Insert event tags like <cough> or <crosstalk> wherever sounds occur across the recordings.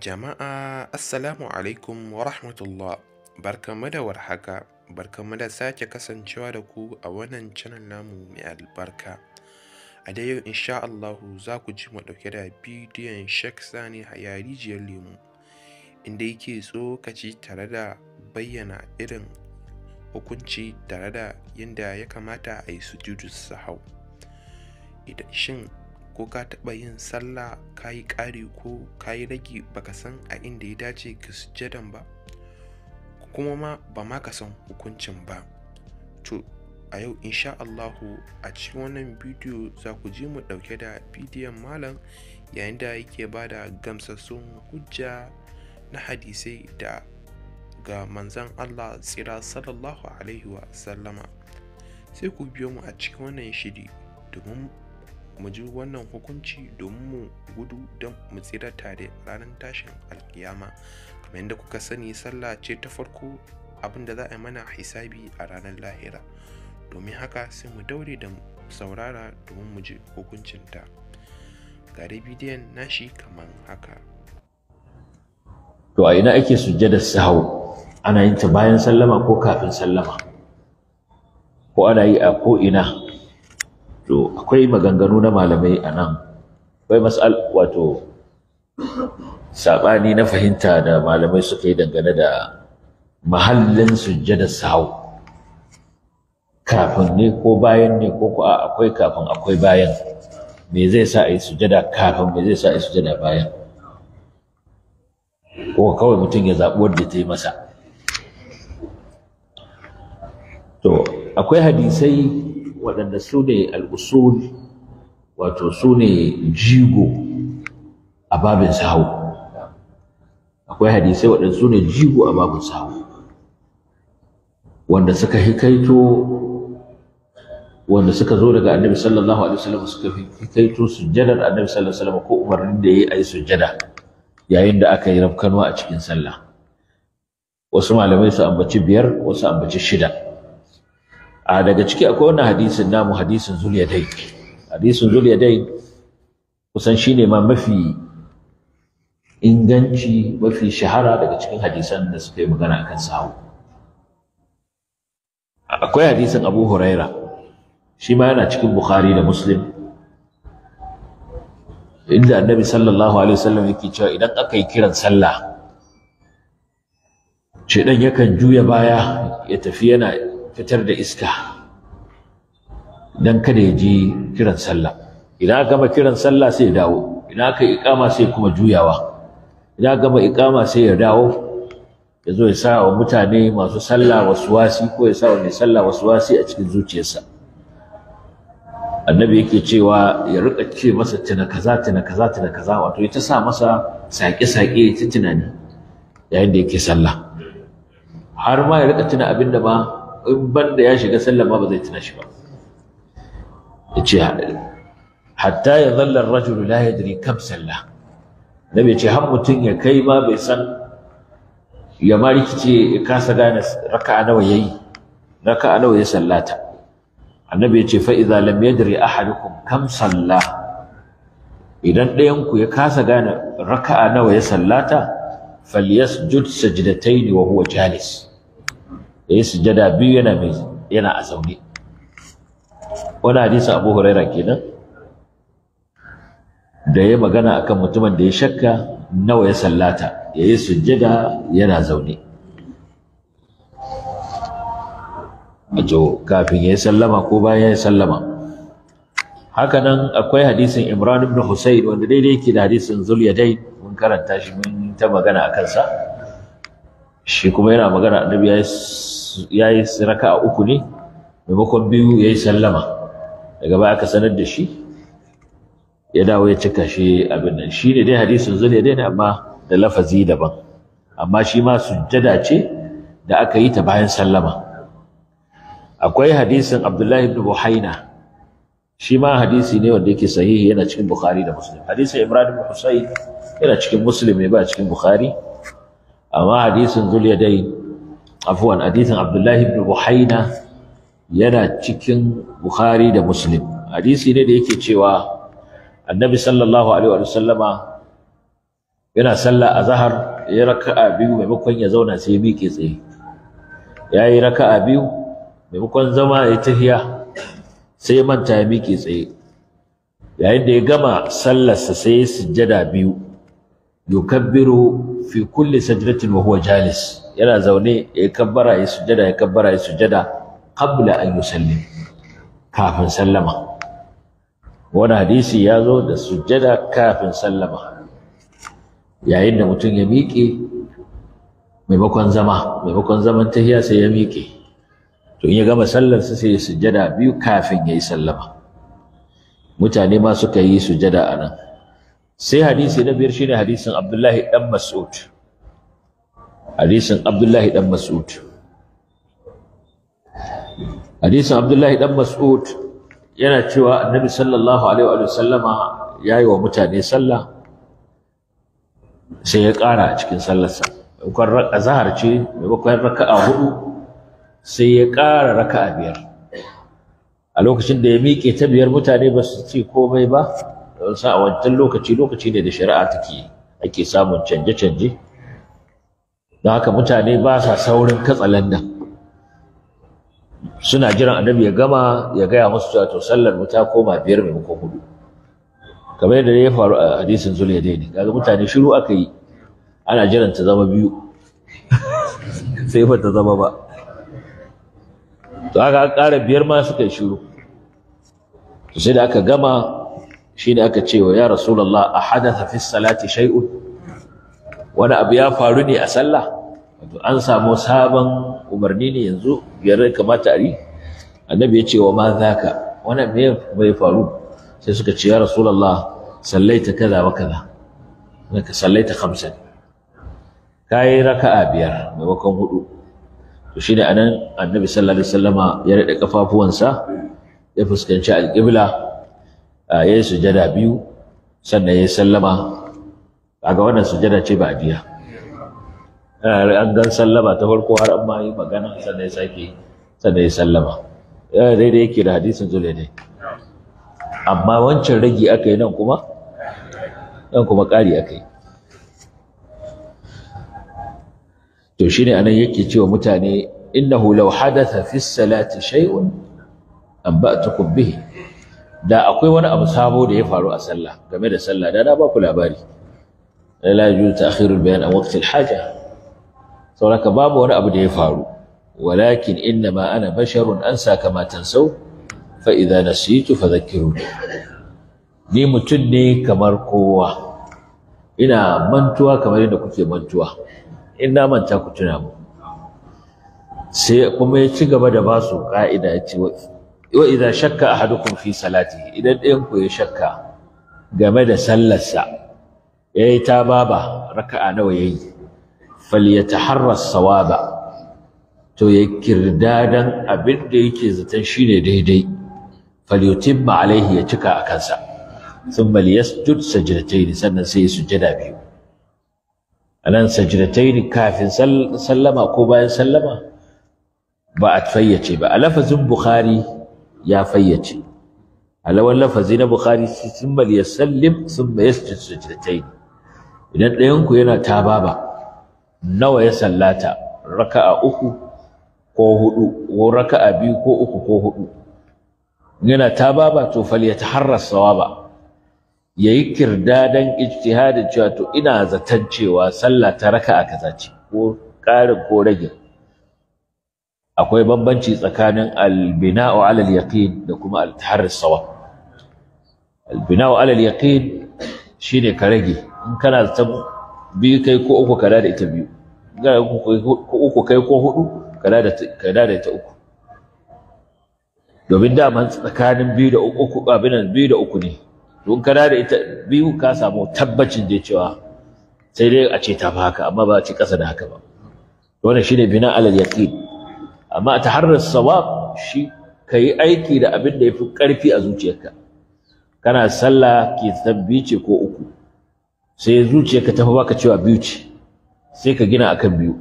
Jama'a Assalamu alaikum wa rahmatullah barkanmu da warhaka barkanmu da sake kasancewa da ku a wannan canal namu mai albarka a dai yau insha Allah za ku ji mu dauke da bidiyon Sheikh Sani Hayarijiyar Lemu inda yake tsokaci tare da bayyana irin hukunci tare da yadda ya kamata a yi sujudu sahau shin ko ka taɓa yin sallah ka yi ƙari ko ka yi rage baka san a inda ya dace ga sujjadan ba kuma ma ba ma ka san hukuncin ba to a yau insha Allahu a cikin wannan bidiyo za ku ji mu ɗauke da bidiyon malam yayin da yake ba da gamsassun hujja na hadisai da ga manzan Allah tsira sallallahu alaihi wa sallama sai ku biyo mu a cikin wannan shiri domin mu ji wannan hukunci domin mu gudu don mu tsira tare ranar tashin alkiyama kamar yadda kuka sani sallah ce ta farko abin da za a yi mana hisabi a ranar lahira domin haka sai mu daure da saurara domin mu ji hukuncinta ga bidiyon nashi kamar haka to a ina ake sujjadar sahau ana yin ta bayan sallama ko kafin sallama ko ana yi a ko ina to akwai maganganu na malamai a nan akwai mas'al wato saɓani na fahimta da malamai suka yi dangane da mahallin sujjada sahu kafin ne ko bayan ne ko ku akwai kafin akwai bayan me zai sa a sujjada kafin me zai sa a sujjada bayan ko kawai mutum ya zaɓi wanda ta yi masa to akwai hadisai waɗanda su ne al'usul wato su ne jigo a babin sahu akwai hadisai waɗanda su ne jigo a babin sahu wanda suka hikaito wanda suka zo daga annabi sallallahu alaihi wasallam suka hikaito sujjadar annabi sallallahu alaihi wasallam ko umarnin da yayi ayi sujjada yayin da aka yi rafkanwa a cikin sallah wasu malamai su ambaci biyar wasu ambaci shida a daga ciki akwai wannan hadisin namu hadisin zuliyadai hadisin zuliyadai kusan shine ma mafi inganci mafi shahara daga cikin hadisan da suka yi magana akan sahu akwai hadisin abu huraira shi ma yana cikin bukhari da muslim inda annabi sallallahu alaihi wasallam yake cewa idan aka yi kiran sallah shedan yakan juya baya ya tafi yana fitar da iska dan kada ya ji kiran sallah idan gama kiran sallah sai ya dawo idan aka ikama sai kuma juyawa idan gama ikama sai ya dawo ya zo ya sa wa mutane masu sallah wasi ko ya sa wa mai sallah wasi a cikin zuciyarsa annabi yake cewa ya rika ce masa tuna kaza tuna kaza tuna kaza wato ya ta sa masa saƙe-saƙe ta tunani yayin da yake sallah har ma ya rika tuna abin da ba. in banda ya shiga sallama ba zai tuna shi ba yace hatta ya zalla ar-rajulu la yadri kam salla nabi yace har mutum ya kai ma bai san ya ma rikice ya kasa gane raka a nawa ya yi, raka a nawa ya sallata annabi yace fa idza lam yadri ahadukum kam salla idan ɗayanku ya kasa gane raka a nawa ya sallata falyasjud sajdatayn wa huwa jalis Yayi sujada biyu yana mai yana a zaune wani hadisin abu huraira kenan da ya magana akan mutumin da ya shakka nawa ya sallata yayi sujada yana zaune A jo kafin ya sallama ko bayan ya sallama haka nan, akwai hadisin imran ibn husayn wanda daidai yake da hadisin zuliyadai mun karanta shi mun ta magana a kansa shi kuma yana magana annabi ya ya yi raka'a uku ne maimakon biyu ya yi sallama daga baya aka sanar da shi ya dawo ya cika shi abin nan shi ne dai hadisin zuri ya daina amma da lafazi daban amma shi ma sujjada ce da aka yi ta bayan sallama akwai hadisin abdullahi ibn buhaina shi ma hadisi ne wanda yake sahihi yana cikin bukhari da muslim hadisin imran ibn husayn yana cikin muslim ne ba cikin bukhari amma hadisin daina. afuwan hadisin abdullahi ibn buhaina yana cikin bukhari da muslim hadisi ne da yake cewa annabi sallallahu alaihi wa sallama yana sallah a zahar ya raka'a biyu maimakon ya zauna sai ya miƙe tsaye ya yi raka'a biyu maimakon zama ya tahiya sai ya manta ya miƙe tsaye yayin da ya gama sallarsa sai ya sujjada biyu yukabbiru fi kulli sajdatin wa huwa jalis yana zaune ya kabbara ya sujada ya kabbara ya sujada qabla an yusallim kafin sallama wani hadisi ya zo da sujada kafin sallama yayin da mutum ya miƙe maimakon zama maimakon zaman tahiya sai ya miƙe to in ya gama sallarsa sai ya sujada biyu kafin ya yi sallama mutane ma suka yi sujada a nan sai hadisi na biyar shine hadisin abdullahi dan mas'ud hadisin abdullahi dan mas'ud hadisin abdullahi dan mas'ud yana cewa annabi sallallahu alaihi wa sallama yayi wa mutane sallah sai ya ƙara a cikin sallarsa kan azahar ce maimakon raka'a hudu sai ya ƙara raka'a biyar a lokacin da ya miƙe ta biyar mutane ba su ce komai ba don sa a wancan lokaci lokaci ne da shari'a take ake samun canje-canje don haka mutane ba sa saurin katsalandan suna jiran annabi ya gama ya gaya musu cewa to sallar mu ta koma biyar maimakon hudu kamar yadda ya faru a hadisin zuliyadaini kaga mutane shiru aka yi ana jiran ta zama biyu <laughs> sai ba ta zama ba to aka ƙara biyar ma suka yi shiru sai da aka gama shine aka ce wa ya rasulullah a hadasa fi salati shay'un wani abu ya faru ne a sallah wato an samu sabon umarni ne yanzu biyar kamata a annabi ya ce wa ma zaka wani ne bai faru sai suka ce ya rasulullah sallaita kaza wa kaza ka sallaita khamsan kai raka'a biyar mai wakan hudu to shine anan annabi sallallahu alaihi wasallama ya rade kafafuwansa ya fuskanci alqibla ya yi sujada biyu sannan ya sallama kaga wannan sujada ce ba biya eh, an gan sallama ta farko har an yi magana sannan ya sake sannan ya sallama daidai eh, yake da hadisin zuwa ne amma wancan ragi aka yi nan kuma nan kuma ƙari aka yi to anan yake cewa mutane innahu law hadatha fi salati shay'un anba'tukum bihi da akwai wani abu sabo da ya faru a sallah game da sallah da na ba ku labari la yaju ta'khirul bayan an waqtil haja sauraka babu wani abu da ya faru walakin inna ma ana basharun ansa kama tansau fa idza nasitu fadhakkiruni ni mutum ne kamar kowa ina mantuwa kamar yadda kuke mantuwa Ina manta ku tuna mu sai kuma ya ci gaba da basu su ka'ida ya ce wa idza shakka ahadukum fi salatihi idan ɗayan ku ya shakka game da sallarsa yayi ta baba raka'a nawa yayi falyataharras sawaba to ya kirdadan abin da yake zaton shine daidai falyutimma alaihi ya cika a kansa thumma liyasjud sajdatayn sannan sai ya sujjada biyu anan sajdatayn kafin sallama ko bayan sallama ba a fayyace ba a lafazin bukhari ya fayyace a lawan lafazi na bukhari thumma liyasallim thumma yasjud sajdatayn idan ɗayanku yana tababa nawa ya sallata raka'a uku ko hudu ko raka'a biyu ko uku ko hudu yana baba to fal ya falyataharras sawaba yayi kirdadan ijtihadin cewa to ina zaton cewa sallah ta raka'a kaza ce ko ƙarin ko rage akwai bambanci tsakanin albina'u ala al-yaqin da kuma al-taharrus sawab albina'u ala al-yaqin shine ka rage in kana zaton biyu kai ko uku kada da ita biyu ga uku kai ko hudu kada da ita uku domin daman tsakanin biyu da uku abinan biyu da uku ne don kada da ita biyu ka samu tabbacin da cewa sai dai a ce ta fi haka amma ba a ce ƙasa da haka ba wannan shine bina alal yaqin amma ta harrar sawab shi kai aiki da abin da yafi karfi a zuciyarka kana sallah ki tabbice ko uku sai zuciyarka tafi baka cewa biyu ce sai ka gina akan biyu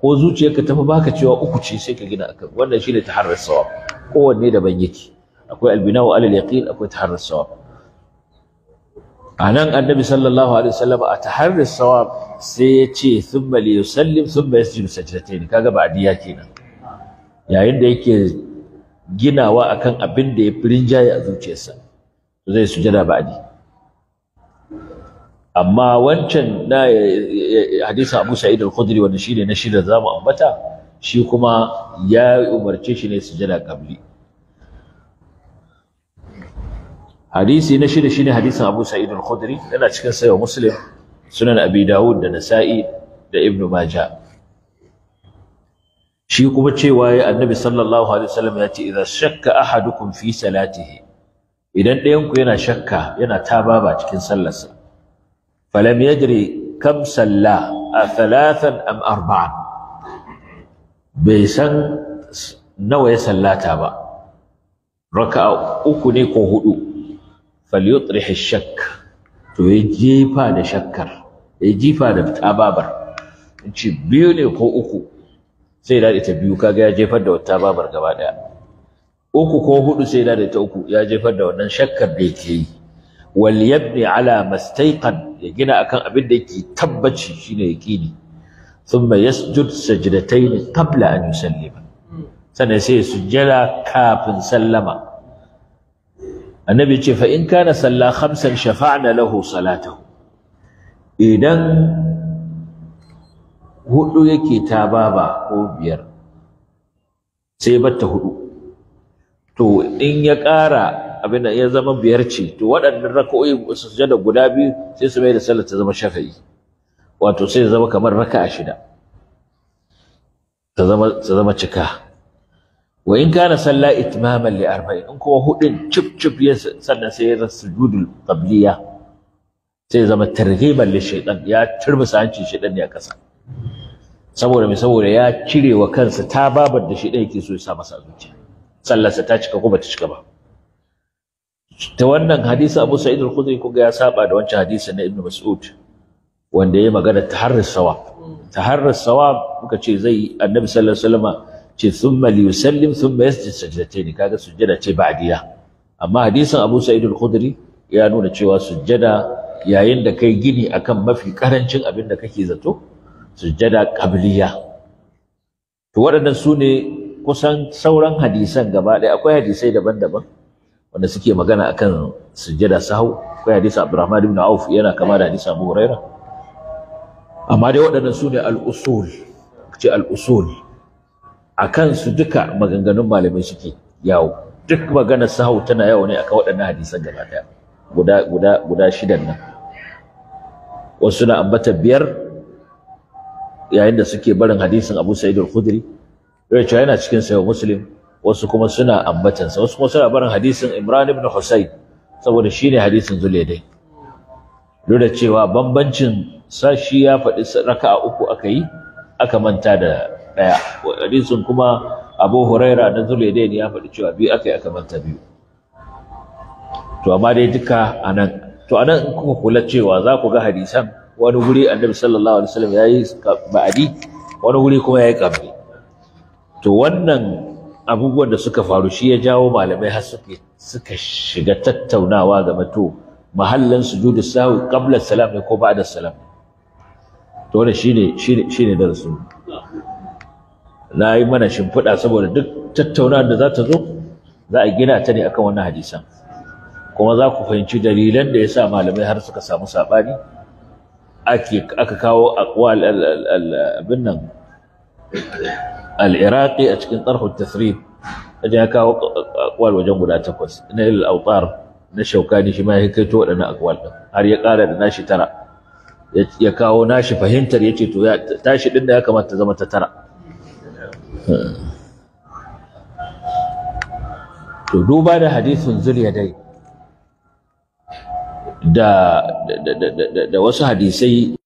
ko zuciyarka tafi baka cewa uku ce sai ka gina akan wannan shine taharrar sawab kowanne ban yake akwai albinahu alal yaqin akwai taharrar sawab anan annabi sallallahu alaihi wasallam a taharrar sawab sai ya ce thumma li yusallim thumma yasjudu sajdatayn kaga ba'diya kenan yayin da yake ginawa akan abin da ya firinjaye a zuciyarsa zai sujada ba'di amma wancan na hadisi Abu Sa'id al-Khudri wanda ne na shida zamu ambata shi kuma ya umarce shi ne sujada qabli hadisi na shida shine hadisin Abu Sa'id al-Khudri yana cikin sahih Muslim sunan Abi Dawud da Nasa'i da Ibn Majah shi kuma cewa ya annabi sallallahu alaihi wasallam ya ce idza shakka ahadukum fi salatihi idan ɗayan ku yana shakka yana tababa cikin sallarsa falam yadri kam a thalathan arba'a. bai san nawa ya sallata ba raka'a uku ne ko hudu falyutrih shakk to ya jefa da shakkar ya jifa da tababar ce biyu ne ko uku sai da ita biyu kaga ya jefar da uku ko hudu sai da ita uku ya da wannan shakkar da yi wal yabni ala mastaiqan ya gina akan abin da yake tabbaci shine yaqini thumma yasjud sajdatayn a an yusallima sannan sai sujjada kafin sallama annabi ce fa in kana salla khamsan shafa'na lahu salatahu idan hudu yake ta baba ko biyar sai bata huɗu, to in ya ƙara abin ya zama biyar ce to waɗannan raka'o'i sujada guda biyu sai su mai da sallar ta zama shafa'i wato sai zama kamar raka'a shida ta zama ta zama cika wa in kana salla itmaman li arba'in in kuma hudin cip cip ya sannan sai ya zama sujudul qabliya sai zama targhiban li shaytan ya turmusa hancin shaytan ne a kasa saboda mai saboda ya cire wa kansa ta babar da shaytan yake so ya sa masa zuciya sallarsa ta cika ko ba ta cika ba ta wannan hadisi Abu Sa'id al-Khudri kuga ya saba da wancan hadisi na Ibn Mas'ud wanda ya magana taharrus sawab taharrus sawab muka ce zai Annabi sallallahu alaihi wasallam ce thumma li yusallim thumma yasjud sajdatayn kaga sujjada ce ba'diya amma hadisin Abu Sa'id al-Khudri ya nuna cewa sujjada yayin da kai gini akan mafi karancin abin da kake zato sujjada qabliya to waɗannan su ne kusan sauran hadisan gaba ɗaya akwai hadisai daban-daban wanda suke magana akan sujjada sahu akwai hadisi Abdurrahman ibn Auf yana kama da hadisi Abu Huraira amma dai waɗannan su ne al-usul ce al-usul akan su duka maganganun malamai suke yawo duk magana sahu tana yawo ne akan waɗannan hadisan gaba daya guda guda guda shidan nan wasu na ambata biyar yayin da suke barin hadisin Abu Sa'id al-Khudri yana cikin sayo Muslim wasu kuma suna ambatansa wasu kuma suna barin hadisin Imran ibn Husayn saboda shine hadisin Zuleidai duk da cewa bambancin sashi ya faɗi raka'a uku aka yi aka manta da ɗaya hadisin kuma Abu Huraira na Zuleidai ne ya faɗi cewa biyu aka yi aka manta biyu to amma dai duka anan to anan in kuka kula cewa za ku ga hadisan wani guri Annabi sallallahu alaihi wasallam yayi ba'adi wani guri kuma yayi qabli to wannan abubuwan da suka faru shi ya jawo malamai har suka shiga tattaunawa game to mahallan sujudu sahwi qabla salam ko ba'da salam to wannan shine shine shine na yi mana shimfiɗa saboda duk tattaunawar da za ta zo za a gina ta ne akan wannan hadisan kuma za ku fahimci dalilan da ya sa malamai har suka samu saɓani aka kawo abin nan al-iraqi a cikin tarhu tasrib aje ya kawo akwal wajen guda takwas na al-awtar na shaukani shi ma ya kaito waɗannan akwal har ya ƙara da nashi tara ya kawo nashi fahimtar ce to tashi ɗin da ya kamata zama ta tara to duba da hadisin zuliyadai da da wasu hadisai